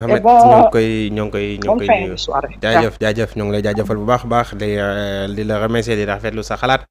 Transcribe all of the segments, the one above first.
Mohamed ñoo ngi koy ñoo ngi koy ñoo ngi koy nuyu jaajëf jaajëf ñoo ngi lay jaajëfal bu baax a baax di euh, di la remercier di rafetlu sa xalaat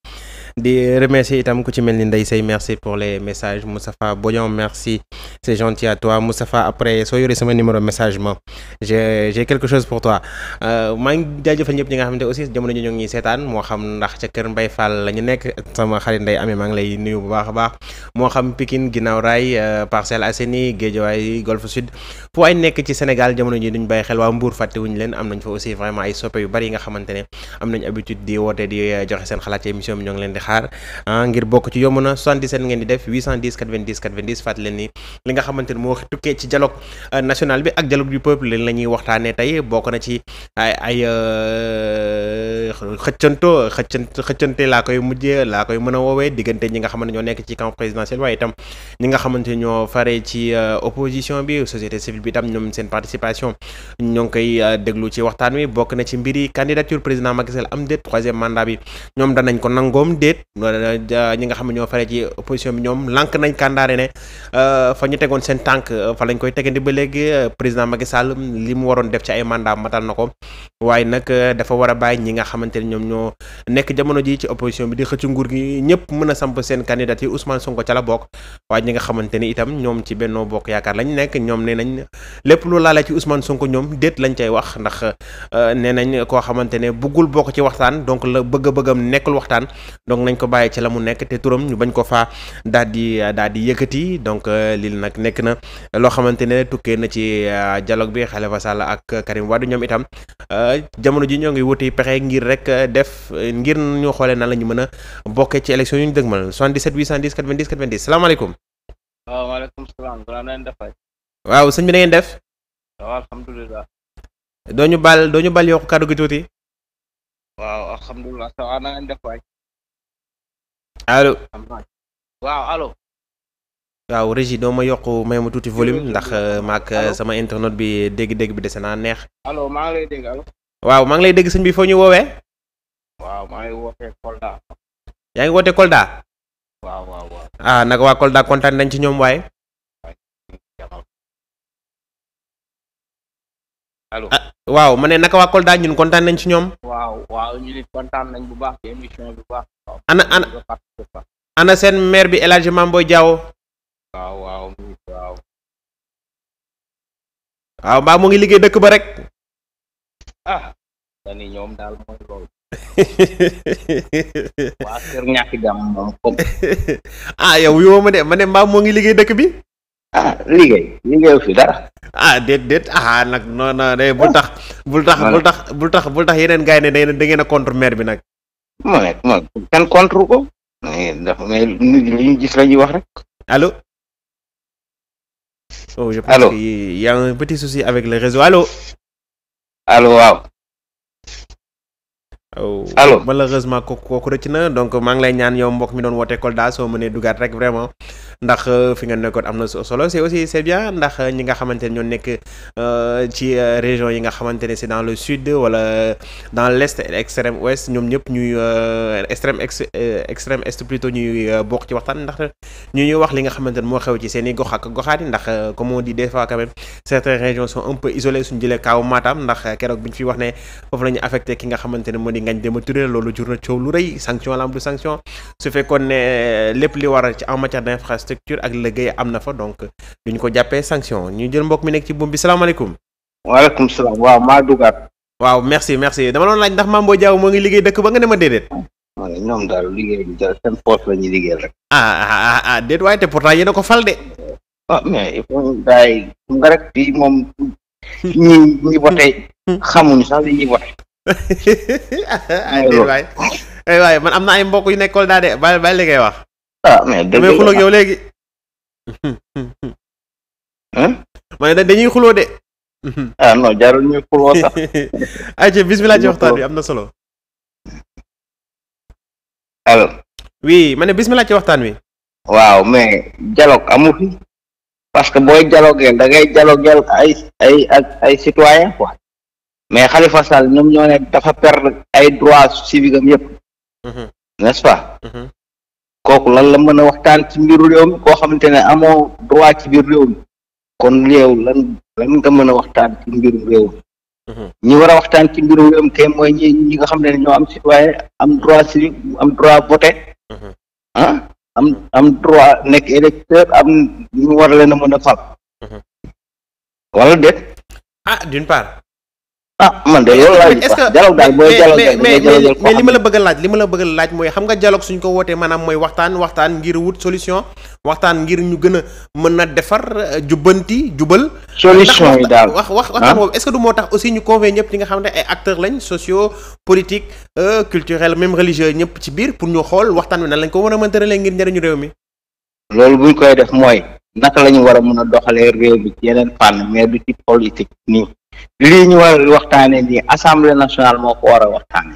di remercier itam ku ci mel ni Ndeye Seye merci pour les messages Moustapha Bodian merci c'est gentil à toi Moustapha après soo yoree sama numéro message ma j'ai j'ai quelque chose pour toi euh, maa ngi jaajëfal ñëpp ñi nga xamante aussi jamono ji ñu seetaan moo xam ndax ca kër Mbaye Fall la ñu nekk sama xarit Ndeye Amé maa lay nuyu bu baax a baax moo xam Pikine Guinaw Rail euh, Parcelles Assainies Guédiawaye Golf Sud fu ay nekk ci Sénégal jamono ji duñ bàyyi xel waa Mbour leen am xaar ah, ngir bokk ci yomb na 77 ngeen di def 810 90 90 fàttali leen ni li nga xamante ni moo tukkee ci dialogue euh, national bi ak dialogue du peuple la ñuy waxtaanee tey bokk na ci ay ay. Euh, xëccanto xëccant xëccante laa koy mujjee laa koy mën a woowee diggante ñi nga xamante ñoo nekk ci camp présidentiel waaye itam ñi nga xamante ñoo fare ci euh, opposition bi société civile bi itam ñoom seen participation ñoo ngi koy euh, déglu ci waxtaan wi bokk na ci mbiri candidature président Macky am déet troisième mandat bi ñoom danañ ko nangoom déet ñi nga xam ne ñoo fare ci opposition bi ñoom lànk nañ kàndaare ne euh, fa ñu tegoon seen tànk fa lañ koy tegandi ba léegi président Macky Sall li mu waroon def ci ay mandat matal na ko waaye nag euh, dafa war a bàyyi ñi nga xamante ne ñoom ñoo nekk jamono ji ci opposition bi di xëcc nguur gi ñëpp mën a samp seen candidat yi Ousmane Sonko ca la bokk waaye ñi nga xamante ni itam ñoom ci Benno Bokk Yaakaar lañ nekk ñoom nee nañ lépp lu laale ci Ousmane Sonko ñoom déet lañ cay wax ndax euh, nee nañ koo xamante ne bëggul bokk ci waxtaan donc la bëgg-bëggam nekkul waxtaan donc nañ ko bàyyi ci la mu nekk te turam ñu bañ ko faa daal di daal di yëkkati donc euh, lii nag nekk na loo xamante ne tukkee na ci dialogue bi Khalifa Sall ak Karim Wade ñoom itam jamono ji ñoo ngi wuti pexe ngir rek euh, def euh, ngir ñu xoolee nan la ñu mën a bokkee ci élection yu ñu dëgmal 77 810 90 90 salaamaaleykum. waaw maaleykum salaam. waaw sëñ bi na ngeen def. waaw alhamdulilah. doo ñu baal doo ñu baal yokk kàddu gi waaw alhamdulilah ça va na ngeen def waay. allo. waaw allo. waaw régie doo ma yokk may ma tuuti volume ndax euh, maak sama internet bi dégg-dégg bi dese naa neex. allo maa waaw maa ngi lay dégg sëñ bi foo ñuy woowee. waaw maa ngi wootee yaa ngi wootee Kolda. waaw waaw ah naka waa Kolda kontaan nañ ci ñoom waaye. allo ah, waaw ma ne naka waa Kolda ñun kontaan nañ ci ñoom. waaw waaw ñu kontaan nañ bu baax ci bu baax. ana ana ana seen maire bi El Hadj Mamboy waaw. waaw mbaa mu ngi liggéey dëkk ba rek. ah dani ñoom daal mooy ah, yow ma de ma ne mbaa moo ngi liggéey dëkk bi ah liggéey liggéeyu fi dara ah déet déet ah nag non non bul tax bul tax bul tax bul tax bul tax yeneen gars ne da ngeen a contre maire bi nag ma ne ma kan contre ko dafa mais li ñu gis la ñuy wax rek allô oh je pense que y petit souci avec le réseau allô allo waaw. allo malheureusement kooku kooku rëcc na donc maa ngi lay ñaan yow mbokk mi doon woote Kolda soo mënee dugaat rek vraiment. ndax euh, fi nga nekkoon am na solo c'est aussi c'est ndax euh, ñi nga xamante ne ñoo nekk euh, ci région yi nga xamante ne c'est dans le sud wala dans l'est et ouest ñoom ñëpp ñuy extrême ex extrême est plutôt ñuy bokk ci waxtaan ndax ñu ñuy wax li nga xamante ne moo xew ci seen i gox ak goxaat yi ndax comme on dit des fois quand même régions sont un peu isolées suñu jëlee kaaw Matam ndax keroog bi ñu fi wax ne foofu la ñu affecté ki nga xamante ne moo di ngañ Demba Touré loolu jur na coow lépp li war ci en infrastructure ak liggéey am na fa donc du ñu ko jàppee sanction ñu jël mbokk mi nekk ci buum bi salaamaaleykum. waaleykum salaam waaw maa dugaat. waaw merci merci dama doon naaj ndax Mambo Diaw moo ngi liggéey dëkk ba nga ne ma ñoom daal liggéey bi seen poste la ñuy liggéeyal rek. Ah, ah ah ah déet waaye te pourtant a ko fal de. ah mais il faut daay nga rek fii moom ñi ñi sax li ñuy voté. ah déet waay. Eh, waaye man am na ay mbokk yu nekkoon daal de bàyyi bàyyi li wax. ah mais dëgg la damay xuloo ak yow dañuy xuloo de. ah non jaarul ñuy xuloo sax. ayca bismillah ci waxtaan wi am na solo. alors. oui ma ne bismillah ci waxtaan wi. waaw mais dialogue amu fi parce que booy dialogué da ngay dialogué ay ay ak ay citoyen quoi mais Khalifa Sall ñoom ñoo ne dafa perdre ay droits civiques am yëpp mhm. n'est-ce pas. Mm kooku lan la mën a waxtaan ci mbiru réew mi koo xamante ne amoo droit ci biir réew kon léew lan lan nga mën a waxtaan ci mbiru réew mi mhm. ñi war a waxtaan ci mbiru réew mi mooy ñi ñi nga xam ne ñoo am citoyen am droit civique am droit voter mhm. ah, am am droit nekk électeur am ñu war leen a mën a fal mhm. wala déet ah d'une part ah man de yow laaj est-ce mais mais li ma la bëgg laaj li ma la bëgg a laaj mooy xam nga dialogue suñ ko wootee maanaam mooy waxtaan waxtaan ngir wut solution waxtaan ngir ñu gën mën na defar euh, jubbanti jubal. solution yi daal wax wax waxtaan ah? boobu est-ce du moo tax aussi ñu convaincre ñëpp li nga xam ne ay acteurs lañ sociaux politiques euh, culturels même religieux ñëpp ci biir pour ñu xool waxtaan wi na lañ ko mën a mën tëralee ngir njëriñu réew mi. loolu buñ koy def mooy naka la ñu war a mën a doxalee réew bi yeneen fànn mais du nii. lii ñu war waxtaane nii assemblée nationale moo ko war a waxtaane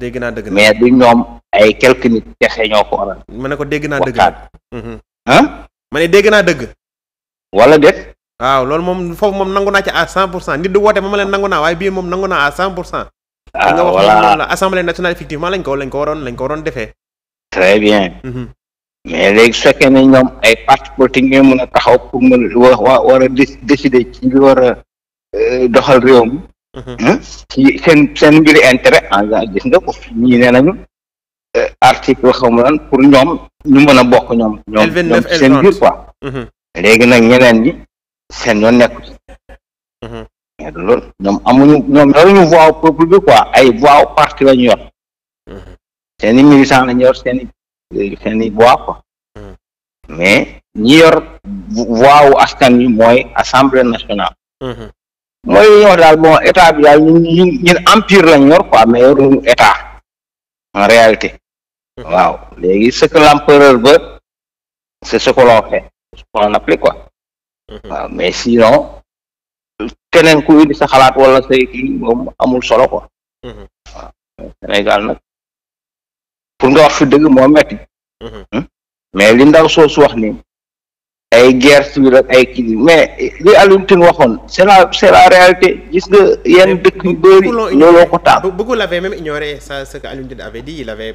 dégg naa dëgg mais du ñoom ay quelques nit kese ñoo ko war a ma ko dégg naa dëgg ah ma ne dégg naa dëgg wala déet waaw loolu moom foofu moom nangu naa ci à cent pour cent nit du woote ma ma leen nangu naa waaye bii moom nangu naa à cent pour cent ah, nga la assemblée nationale effectivement lañ ko lañ ko waroon lañ ko waroon defee très bien mhm. mais léegi su fekkee ne ñoom ay parti politique ñooy a taxaw pour mën a décider ci li war Eh, doxal réew mi mhm. ah, ci seen seen mbiri intérêt en gis nga ko ñii nee nañu eh, article xaw ma pour ñoom ñu mën a bokk ñoom ñoom ñoom seen biir quoi mhm. léegi nag ñeneen ñi seen yoon nekku ci mhm. ñoom amuñu ñoom yoruñu voix peuple bi quoi ay voix parti la ñu yor seeni militant la ñu yor seeni seeni voix quoi mais ñi yor voix wu askan wi mooy assemblée nationale mooy li daal bon état bi daal ñun ñun ñun empire lañ yor quoi mais yoruñu état en réalité. waaw léegi ce que l'empereur veut c'est ce que l'on fait ce qu'on applique quoi. Mhm. waaw mais keneen ku indi sa xalaat wala say kii moom amul solo quoi. Mhm. waaw Sénégal nag pour nga wax fi dëgg moo metti mhm. hmm? mais li ndaw soosu wax ay guerre civile ak ay mais li Alioune Tine waxoon c'est la réalité gis nga yenn dëkk yu bëri looloo ko taal. beaucoup l'avaient même ignoré ça mais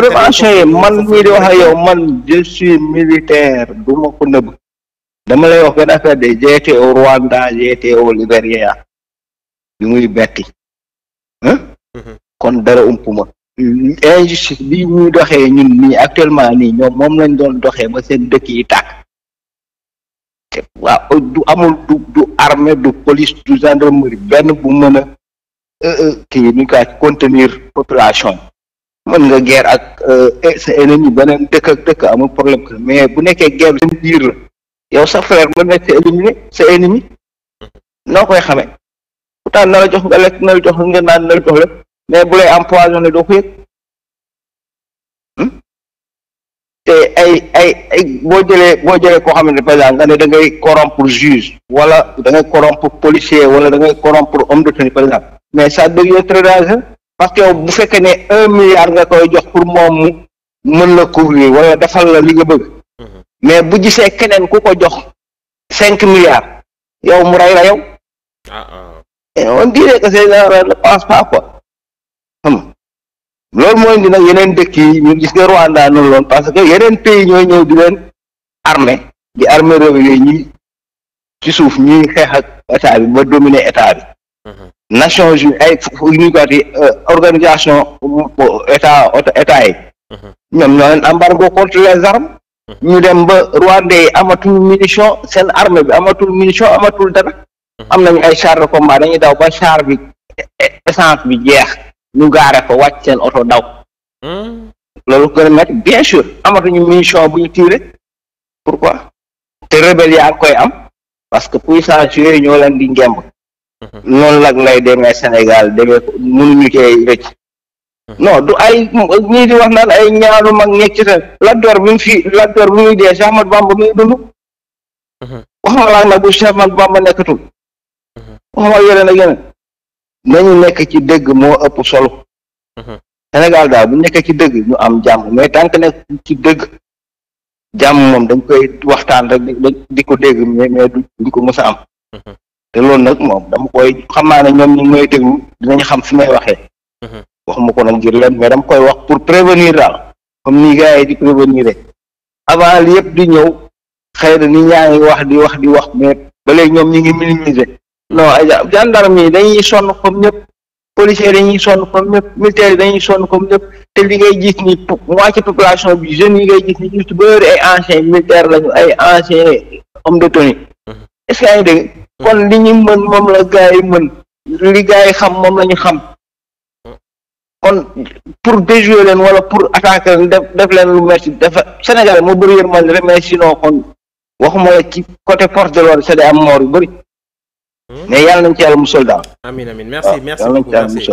prévention man mii di wax ak yow man je suis militaire du ma ko dama lay wax benn affaire de j'ai été Rwanda j'ai été au Libéria muy betti mm-hmm. kon dara umpuma injustice bi muy doxee ñun nii actuellement nii ñoom moom lañ doon doxee ba seen dëkk yi tàkk waaw du amul du du armée du police du gendarmerie benn bu mën a euh, euh, kii nu contenir population mën nga guerre ak euh, sa ennemi beneen dëkk ak dëkk amul problème que mais bu nekkee guerre seen biir la yow sa frère mën nekk sa éliminé sa ennemi noo koy xamee pourtant na la jox nga lekk na la jox nga naan na la jox lépp mais bu lay empoisonné doo ko yëg hmm? ay ay ay boo jëlee boo jëlee koo xam ne par nga ne da ngay corrompre juge wala da ngay pour policier wala da ngay corrompre homme de tenue par mais ça devient très dangereux parce que yow bu fekkee ne un milliard nga koy jox pour moom mën la couvrir wala defal la li nga bëgg mhm. mais bu gisee keneen ku ko jox cinq milliards yow mu rey la yow ah, ah. on dirait c'est ne pense pas quoi xam loolu mooy ni nag yeneen dëkk yi ñu gis nga Rwanda noonu loon parce que yeneen pays ñooy ñëw di leen armée di armée réew ci suuf ñuy xeex ak état mhm. ay ñu ko yi euh, organisation état yi mhm. ñoom ñoo leen embargo contre les armes mhm. ñu dem ba Rwanda amatul munition seen armée bi amatul munition amatul dara am nañu ay char de combat dañuy daw ba char bi essence bi jeex ñu gaare ko wàcc seen oto daw hmm? loolu gën a métti bien sûr amatuñu munition bu ñu tiire pourquoi te rebelle yaa koy am parce que puissance yooyu ñoo leen di ngemb hmm. noonu lag lay demee Sénégal demee mënuñu cee rëcc hmm. non du ay ñii di wax naan ay ñaaru mag ñekk ci tamit Lat Dior bi mu fi Lat Dior bi muy dee Cheikh Ahmadou Bamba muy dund waxuma laa nag bu Cheikh Ahmadou Bamba nekkatul waxuma yore na yeneen ñu nekk ci dëgg moo ëpp solo mhm. Sénégal daal bu nekkee ci dëgg ñu am jàmm mais tant que nekk ci dëgg jàmm moom dañ koy waxtaan rek di ko dégg mais mais duñ ko mës a am mhm. te loolu nag moom dama koy xam naa ne ñoom ñu may déglu dañu xam fi may waxee mhm. waxuma ko nag ngir leen mais dama koy wax pour prévenir daal comme nii gars yi di prévenir avant li di ñëw xëy na ni ñaa ngi wax di wax di wax mais ba léegi ñoom ñi ngi minimiser non ay gendarme yi dañuy sonn comme ñëpp policiers yi dañuy sonn comme ñëpp militaires yi dañuy sonn comme ñëpp te li ngay gis ni moitié population bi jeune yi ngay gis ni juste bëri ay anciens militaires lañu ay anciens hommes de tenue mhm. est-ce que yaa ngi mhm. kon li ñu mën moom la gars yi mën li gars yi xam moom la ñu xam mhm. kon pour déjouer leen wala pour attaquer leen def def leen lu merci dafa Sénégal moo bëri yërmande rek mais sinon kon waxuma la ci coté force de l'ordre c'est am moor yu bëri Hmm? mais yàlla nañ ci yàlla musal daal. amiin amiin merci merci merci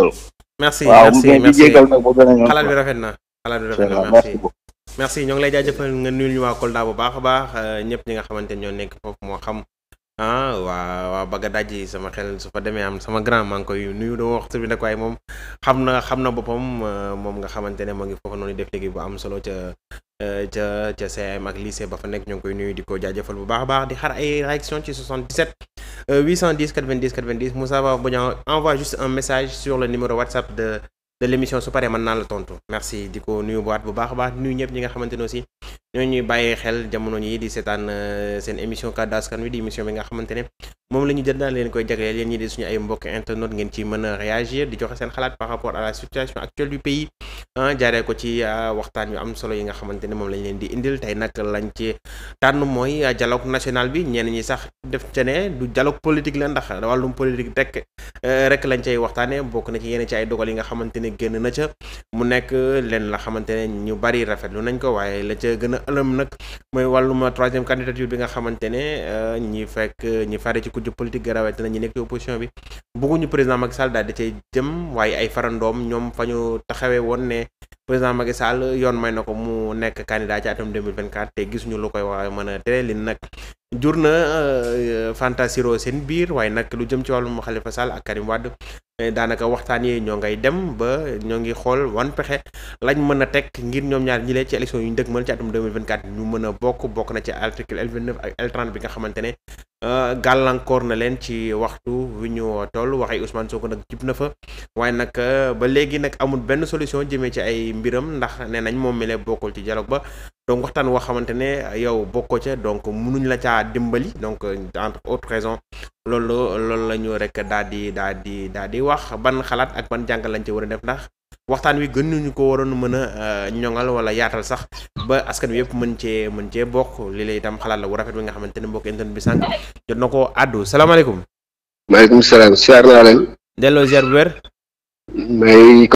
merci merci xalaat bi rafet na xalaat bi rafet na merci. merci ñoo ngi lay jaajëfal nga nuyul ñu waa Kolda bu baax a baax euh, ñëpp ñi nga xamante ñoo nekk foofu moo xam ah waa waa Bagadaaj yi sama su fa demee am sama grand maa ngi koy nuyu doo waxtu bi nag waaye moom xam na xam na boppam euh, moom nga xamante ne moo ngi foofu noonu def liggéey bu am solo ca euh, ca ca CM ak lycée ba fa nekk ñoo ngi koy nuyu di ko jaajëfal bu baax a baax di xaar ay réaction ci 77. 810 90 90 Moussa Bodian envoie juste un message sur le numéro WhatsApp de de l'émission su paree mën naa la tontu merci di ko nuyu waat bu baax baax nuyu ñëpp ñi nga xamante ne aussi ñoo ñuy bàyyi xel jamono ñi di seetaan euh, seen émission kàddu askan wi di émission bi nga xamante ne moom la ñu jël daal leen koy jagleel yéen ñi di suñu ay mbokk internet ngeen ci mën a réagir di joxe seen xalaat par rapport à la situation actuelle du pays ah, jaaree ko ci ah, waxtaan yu am solo yi nga xamante ne moom lañ leen di indil tey nag lañ ci tànn mooy ah, dialogue national bi ñenn ñi sax def ca du dialogue politique la ndax wàllum politique rek eh, rek lañ cay waxtaanee bokk na ci yenn ci ay dogal yi nga xamante ne génn na ca mu nekk leen la xamante ne ñu bari rafetlu nañ ko waaye la ca gën a ëlëm nag mooy wàllum troisième candidature bi nga xamante ne eh, ñi fekk ñi fare ci kujje politique ga rawatina ñi nekk ci opposition bi bëgguñu président Macky Sall daal di cay jëm waaye ay farandoom ñoom fa ñu taxawee woon ne président Macky Sall yoon may na ko mu nekk candidat ci atum 2024 te gisuñu lu koy waaye mën a tere nag jur na euh, fantasiro seen biir waaye nag lu jëm ci wàllum Khalifa Sall ak Karim Wade daanaka waxtaan yee ñoo ngay dem ba ñoo ngi xool wan pexe lañ mën a teg ngir ñoom ñaar ñi lee ci élection yu ñu dëgmal ci atum 2024 ñu mën a bokk bokk na ci article L29 ak l bi nga xamante ne euh, gàllankoor na leen ci waxtu wi ñu toll waxee Ousmane ko nag jub na fa waaye nag euh, ba léegi nag amul benn solution jëmee ci ay mbiram ndax nee nañ moom mele lee bokkul ci dialogue ba donc waxtaan woo xamante ne yow bokkoo ca donc munuñ la caa dimbali donc entre autres raisons loolu loolu la ñu rek daal di daal di daal di wax ban xalaat ak ban jàngal lañ ca war a def ndax waxtaan wi gën nañu ko waroon mën a euh, ñoŋal wala yaatal sax ba askan wi yëpp mën cee mën cee bokk li la itam xalaat la bu rafet bi nga xamante ne mbokk internet bi sànq jot na ko àddu salaamaaleykum. maaleykum salaam siyaar naa leen. delloo ziar bu wér.